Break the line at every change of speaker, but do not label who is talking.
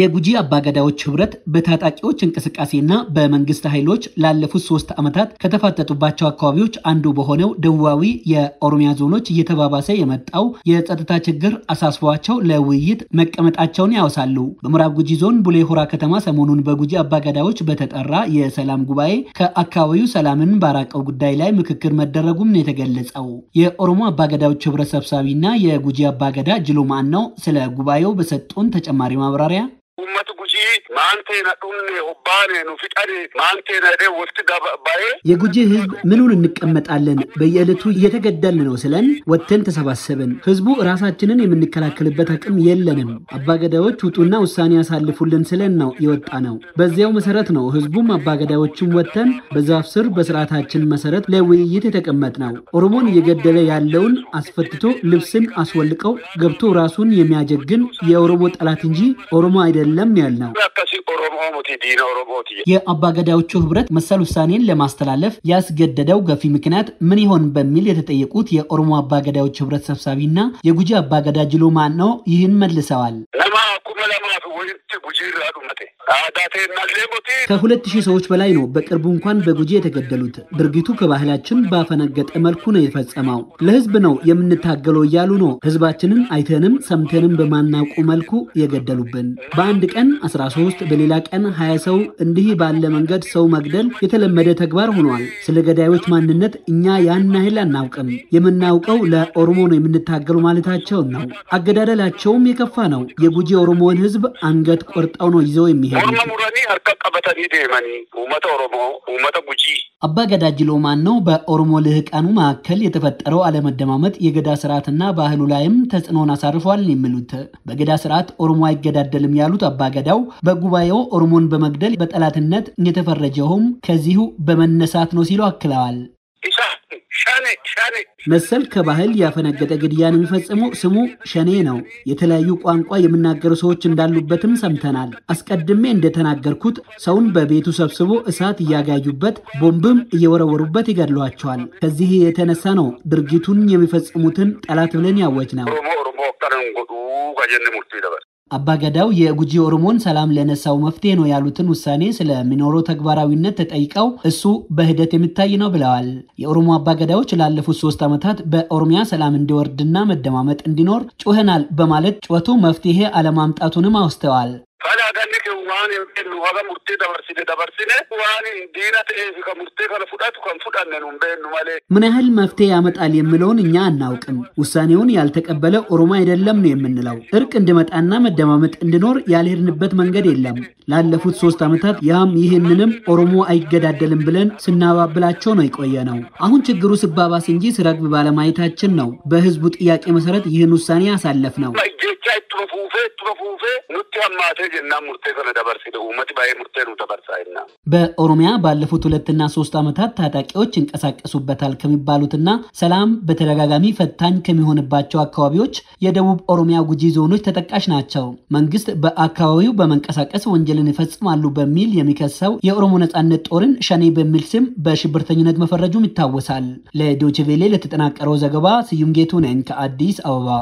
የጉጂ አባገዳዎች ህብረት በታጣቂዎች እንቅስቃሴና በመንግስት ኃይሎች ላለፉት ሶስት ዓመታት ከተፋጠጡባቸው አካባቢዎች አንዱ በሆነው ደቡባዊ የኦሮሚያ ዞኖች እየተባባሰ የመጣው የጸጥታ ችግር አሳስቧቸው ለውይይት መቀመጣቸውን ያወሳሉ። በምዕራብ ጉጂ ዞን ቡሌ ሆራ ከተማ ሰሞኑን በጉጂ አባገዳዎች በተጠራ የሰላም ጉባኤ ከአካባቢው ሰላምን ባራቀው ጉዳይ ላይ ምክክር መደረጉም ነው የተገለጸው። የኦሮሞ አባገዳዎች ህብረት ሰብሳቢና የጉጂ አባገዳ ጅሎ ነው። ስለ ጉባኤው በሰጡን ተጨማሪ ማብራሪያ uma ማንቴና ዱኔ ሁባኔ ኑ ፍቀድ ማንቴና ደ ወልት ባባዬ የጉጂ ህዝብ ምኑን እንቀመጣለን? በየዕለቱ እየተገደልን ነው ስለን ወጥተን ተሰባሰብን። ህዝቡ ራሳችንን የምንከላከልበት አቅም የለንም። አባገዳዮች ውጡና ውሳኔ ያሳልፉልን ስለን ነው የወጣ ነው። በዚያው መሰረት ነው ህዝቡም አባገዳዮችን ወጥተን በዛፍ ስር በስርዓታችን መሰረት ለውይይት የተቀመጥ ነው። ኦሮሞን እየገደለ ያለውን አስፈትቶ ልብስን አስወልቀው ገብቶ ራሱን የሚያጀግን የኦሮሞ ጠላት እንጂ ኦሮሞ አይደለም ያልነው የአባገዳዎቹ ህብረት መሰል ውሳኔን ለማስተላለፍ ያስገደደው ገፊ ምክንያት ምን ይሆን በሚል የተጠየቁት የኦሮሞ አባገዳዎች ህብረት ሰብሳቢ እና የጉጂ አባገዳ ጅሎ ማን ነው ይህን መልሰዋል። ከሁለት ሺህ ሰዎች በላይ ነው በቅርቡ እንኳን በጉጂ የተገደሉት። ድርጊቱ ከባህላችን ባፈነገጠ መልኩ ነው የፈጸመው። ለህዝብ ነው የምንታገለው እያሉ ነው ህዝባችንን አይተንም ሰምተንም በማናውቁ መልኩ የገደሉብን በአንድ ቀን 13 በሌላ ቀን ሀያ ሰው እንዲህ ባለ መንገድ ሰው መግደል የተለመደ ተግባር ሆኗል። ስለ ገዳዮች ማንነት እኛ ያን ያህል አናውቅም። የምናውቀው ለኦሮሞ ነው የምንታገሉ ማለታቸውን ነው። አገዳደላቸውም የከፋ ነው። የጉጂ ኦሮሞውን ህዝብ አንገት ቆርጠው ነው ይዘው የሚሄዱ አባገዳጅ ሎማን ነው። በኦሮሞ ልህቃኑ መካከል የተፈጠረው አለመደማመጥ የገዳ ስርዓትና ባህሉ ላይም ተጽዕኖን አሳርፏል የሚሉት በገዳ ስርዓት ኦሮሞ አይገዳደልም ያሉት አባገዳው በጉባኤው ኦሮሞን በመግደል በጠላትነት የተፈረጀውም ከዚሁ በመነሳት ነው ሲሉ አክለዋል። መሰል ከባህል ያፈነገጠ ግድያን የሚፈጽመው ስሙ ሸኔ ነው። የተለያዩ ቋንቋ የሚናገሩ ሰዎች እንዳሉበትም ሰምተናል። አስቀድሜ እንደተናገርኩት ሰውን በቤቱ ሰብስቦ እሳት እያጋዩበት ቦምብም እየወረወሩበት ይገድሏቸዋል። ከዚህ የተነሳ ነው ድርጊቱን የሚፈጽሙትን ጠላት ብለን ያወጅ ነው። አባገዳው የጉጂ ኦሮሞን ሰላም ለነሳው መፍትሄ ነው ያሉትን ውሳኔ ስለሚኖረው ተግባራዊነት ተጠይቀው እሱ በሂደት የሚታይ ነው ብለዋል። የኦሮሞ አባገዳዎች ላለፉት ሶስት ዓመታት በኦሮሚያ ሰላም እንዲወርድና መደማመጥ እንዲኖር ጩኸናል በማለት ጩኸቱ መፍትሄ አለማምጣቱንም አውስተዋል። Kadhaagalli kun waan yookiin haga murtee dabarsine dabarsine waan diina ta'eef kan murtee kana fudhatu kan fudhanne nu malee። ምን ያህል መፍትሄ ያመጣል የሚለውን እኛ አናውቅም። ውሳኔውን ያልተቀበለ ኦሮሞ አይደለም ነው የምንለው። እርቅ እንዲመጣና መደማመጥ እንዲኖር ያልሄድንበት መንገድ የለም። ላለፉት ሶስት ዓመታት ያም ይህንንም ኦሮሞ አይገዳደልም ብለን ስናባብላቸው ነው የቆየ ነው። አሁን ችግሩ ስባባስ እንጂ ስረግብ ባለማየታችን ነው በህዝቡ ጥያቄ መሰረት ይህን ውሳኔ ያሳለፍ ነው። በኦሮሚያ ባለፉት ሁለትና ሶስት ዓመታት ታጣቂዎች ይንቀሳቀሱበታል ከሚባሉትና ሰላም በተደጋጋሚ ፈታኝ ከሚሆንባቸው አካባቢዎች የደቡብ ኦሮሚያ ጉጂ ዞኖች ተጠቃሽ ናቸው። መንግስት በአካባቢው በመንቀሳቀስ ወንጀልን ይፈጽማሉ በሚል የሚከሰው የኦሮሞ ነጻነት ጦርን ሸኔ በሚል ስም በሽብርተኝነት መፈረጁም ይታወሳል። ለዶችቬሌ ለተጠናቀረው ዘገባ ስዩም ጌቱ ነኝ ከአዲስ አበባ።